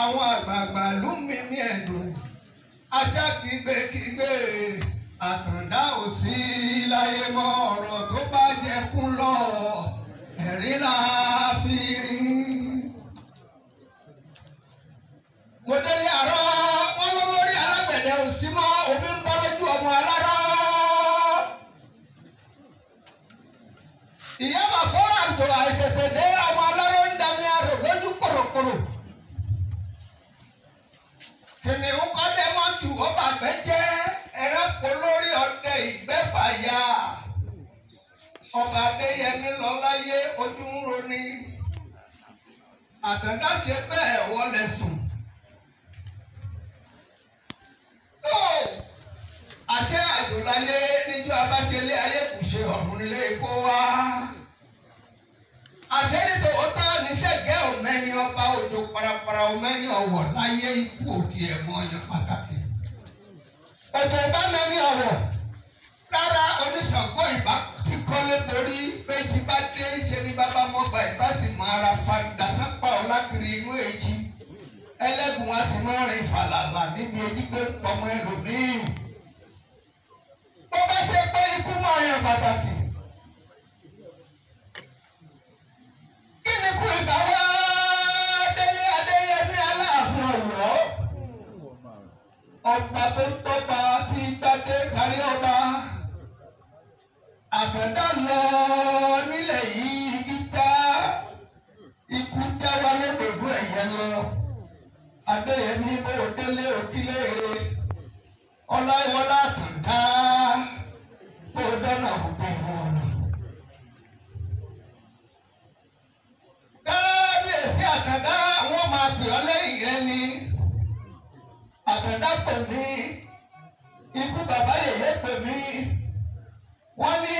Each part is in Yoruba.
àwọn àgbààgbà ló mi ní ẹ̀dùn aṣákígbékígbé àkàndá ò sí láyé mọ́ ọ̀rọ̀ tó bá jẹ kún lọ ẹ̀rí la fi rí. mo délé àárọ̀. fàyà ọba adéyẹmí lọ láyé ojú ń roni àtàndá ṣe bẹ́ẹ̀ wọlé sùn. àṣẹ àjòláyé níjọ́ abáṣelé ayé kù ṣe ọ̀run nílé ikó wá. àṣẹ nítorí tá a níṣẹ́gẹ́ ọ̀mẹ́ni ọba òjò parapara ọ̀mẹ́ni ọ̀wọ̀ láyé ikú òkè ẹ̀mọ́ ọyàn pàtàkì. ọ̀tọ̀ ọba mẹ́ni ọ̀wọ̀ oníṣàngó ìbá kíkọ́lé borí méjì bá dé ṣe ni bàbá mọ́gbà ìbá sì mọ ara fanda sápá ọlákiri inú èjì ẹlẹ́gùn wa sì máa rìn fàlàlà níbi edigbe pọmọ ẹlòmíì. bó bá ṣe pé ikú máa yàn pàtàkì. kí tó ń tọ́pa tí gbadé kárí ọ̀dọ́ àkàndá lọ nílẹ̀ yìí igi tá ikú tá wa lódodo ẹ̀yẹ lọ adéyẹmí bó o délé òkílẹ̀ èrè ọláyíwọlá àkàndá bó o dáná òkú ìwọ ọ̀nà. kábíyèsí àkàndá wọn máa pè ọ́ lẹ́yìn rẹ ni àkàndá pè mí ikú bàbá yèyé pè mí wọ́n ní.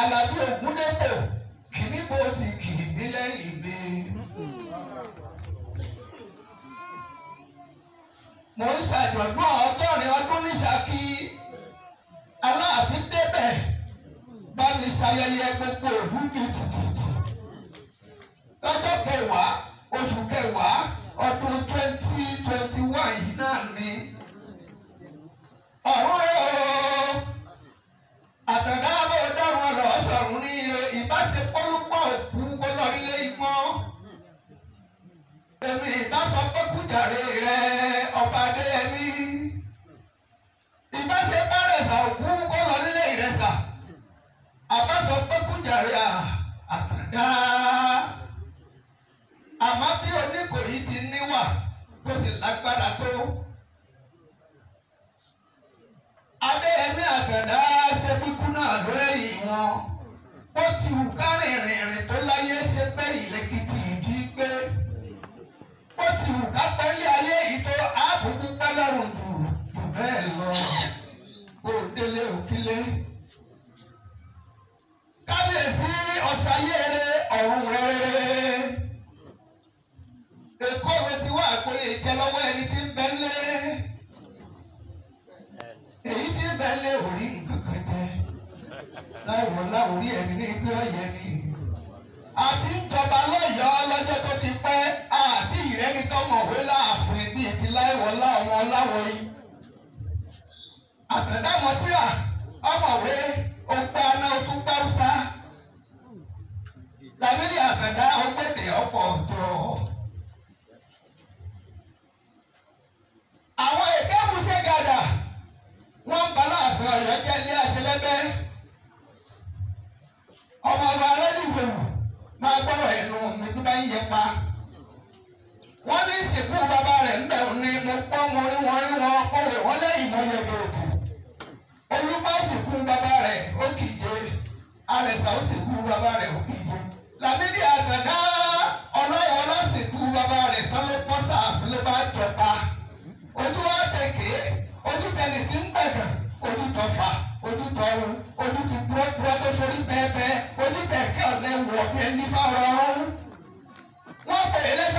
Àlàbí Ògúndépò kìíní bò ti kì í bí lẹ́yìn mi. Mo ń ṣàjọ̀dún ọgọ́rin ọdún ní Ṣakí Aláàfin débẹ̀ bá mi ṣayẹyẹ gbogbo òbú kìtìtì lọ́jọ́ kẹwàá oṣù kẹwàá ọdún twenty twenty one yìí náà ni. orí ẹni ní pé ó yẹ ni. àti ń jọba lọ́yọ̀ọ́ lọ́jọ́ tó ti pẹ́ àti ìrẹ́ni tọmọ̀wé láàfin bí ibi láìwọ̀ láwọn láwọ̀ yìí. àtẹ̀dá mọ́tíà ọmọ̀wé. kú bá ń yẹ pa wọ́n ní ìsìnkú bàbá rẹ̀ ń bẹ̀rù ni mo pọ́n mo rí wọn rí wọn kọ̀wé wọn lẹ́yìn mọ́ yẹ̀bẹ̀ òkú olùkọ́ ìsìnkú bàbá rẹ̀ ó kìje àrẹ̀sà ó sìnkú bàbá rẹ̀ ó kìje làmídìí àgàdá ọlọ́yọ̀ ọlọ́sìnkú bàbá rẹ̀ tán ló pọ́ sàásù ló bá jọba ojú wa tẹ̀kẹ́ ojú tẹ̀lé ti ń gbẹ̀gà ojú tọ̀fà ojú tọ̀run ojú ti kúrọ́kúrọ́ tó sorí pẹ́ẹ́pẹ́ ojú tẹ̀kẹ́ ọ̀lẹ́wọ̀ वो पहले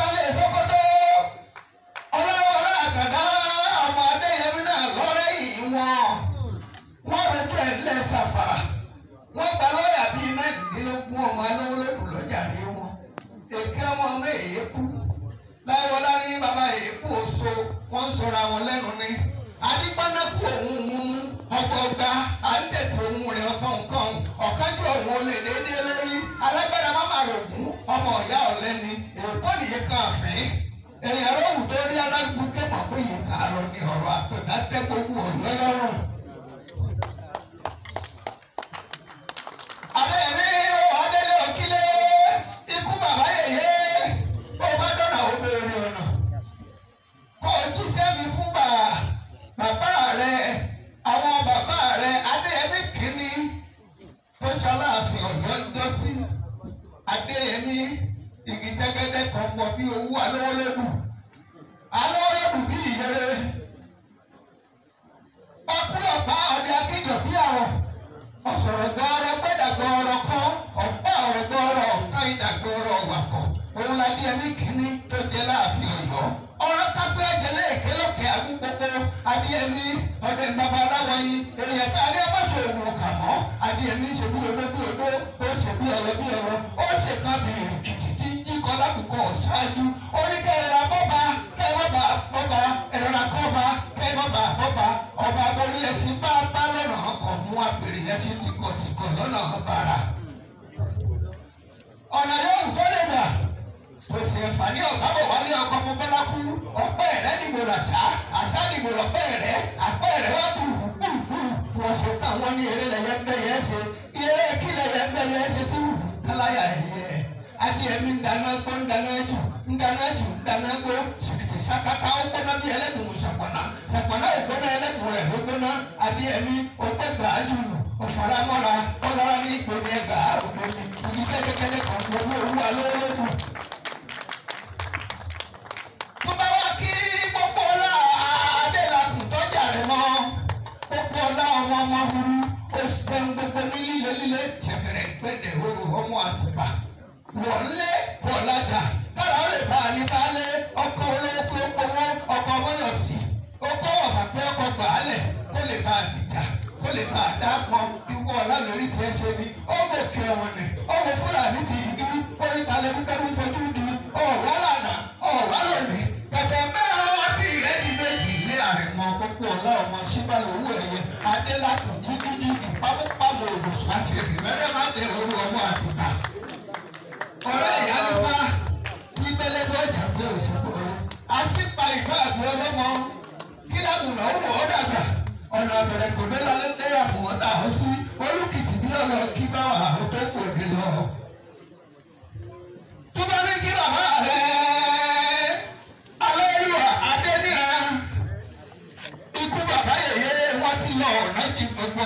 ẹ̀yàrá òwú tó ní alágbèéká pàpéyìn àrò ní ọ̀rọ̀ àpòtá tẹ́ gbogbo ọ̀yọ́ lọ́rùn. adìẹ ní kínní tó jẹ láàfin Ọ̀yọ́ ọ̀rọ̀ kápẹ́ ẹ̀jẹ̀lẹ̀ ìkélòkè àdúgbò gbogbo adìẹ ní ọdẹ bàbá aláwọ̀ yìí èèyàn tá adìẹ bá ṣe òwò kà mọ́ adìẹ ní ṣe bí odó bí odó ó ṣe bí ẹyẹ bí ẹyẹ ó ṣe kan bìrì kìtìtì jíkọ lákòókò ṣáájú àǹfààní ọ̀gábọ̀ wálé ọkọ̀ mo bọ́lá kú ọ̀pẹ́ rẹ̀ ni mo rà ṣá àṣá ni mo rà pẹ́ rẹ̀ àpẹ́ rẹ̀ wá bùrù bùrù bùrù fún ọ̀ṣẹ̀ táwọn ní eré lẹ́yẹ ń bẹ́yẹ ṣe eré kí lẹ́yẹ ń bẹ́yẹ ṣe tó wù káláyà ẹ̀yẹ adìẹ mi ń dáná gbọ́ ń dáná jù ń dáná jù ń dáná gbó sìkìtì sakata ó gbóná bí ẹlẹ́dùnmù sàkpọ̀nà sàkpọ̀nà ó gbóná ẹlẹ́dùn rẹ̀ ló gbóná adìẹ mi ó gbẹ́ gbàá jù ọ̀fọ̀lá mọ́ra ọlọ́run ní ìgbòmí ẹgbàá ọmọ burú oṣù tẹun gbogbo ní líle líle ṣẹ̀kẹ̀rẹ̀ gbẹdẹ roro ọmọ àtìpà wọlé wọlájà kára lè bá a ní kálé ọkọ olóko owó ọkọ mọyọsí ọkọ ọ̀sàpẹ́ ọkọ gbàálẹ̀ kó lè bá a dìjà kó lè bá a dákan ìwọ ọ̀la lórí tiẹ̀ ṣe ni ọmọ òkè ọ̀wọ̀n ni ọmọ fúlàní ti ìdí oríta lẹ́nu kẹ́rù ṣe owó ọmọ àtìpà ọ̀rẹ́ ìyá nípa bí mẹ́lẹ́gbẹ́ ọjà gbèrò sọ́kọ̀ àṣìpa ìgbà àgbẹ̀ ọlọ́mọ kí lágùnà ó wọ̀ ọ́ dàgbà ọ̀nà àbẹ̀rẹ̀ kò dé lálẹ́ lẹ́yà fún ọ́ta ọ̀sú olùkìkì bí ọ̀rọ̀ kí bá wà ó tó kò dé lọ. tó bá ní kí bàbá rẹ̀ aláìwà adẹ́nira ikú bàbá yèyé wọn ti lọ ọ̀nà ti gbogbo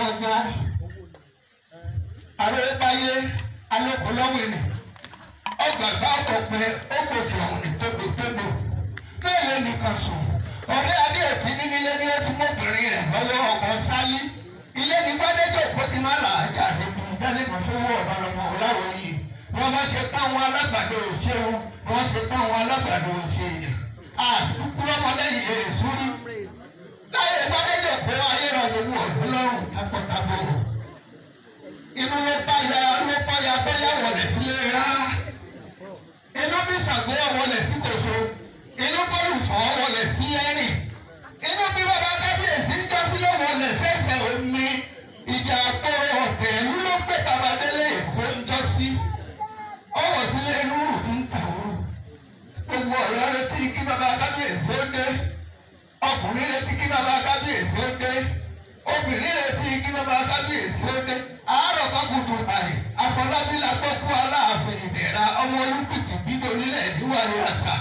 àrẹ́báyé alókòlọ́wìn ni ọgbàgbà ọ̀pẹ ọgbòkè ọ̀hún ni tógbòtógbò mẹ́lẹ̀ nìkan sùn ọ̀rẹ́ adé ẹ̀fín nílé ní ó mọ́bìnrin rẹ̀ lọ́wọ́ ọkọ̀ sálí ilé ní gbádẹ́jọ́ ìpọ́tìmọ́ làájà níbi ìdánimọ̀ fowó ọ̀bàlọ́mọ ọ̀làwọ̀ yìí wọ́n bá ṣe táwọn alágbàdo òṣèlú wọ́n ṣe táwọn alágbàdo òṣèlú àtúkú lọ́mọlẹ́yìn èèfúrí láyé gbádẹ́jọ́ pé inú ló bá ya ló bá ya báyà wọlé sílé rárá. àbíbo nílẹ̀ ìdíwà rẹ̀ àṣà.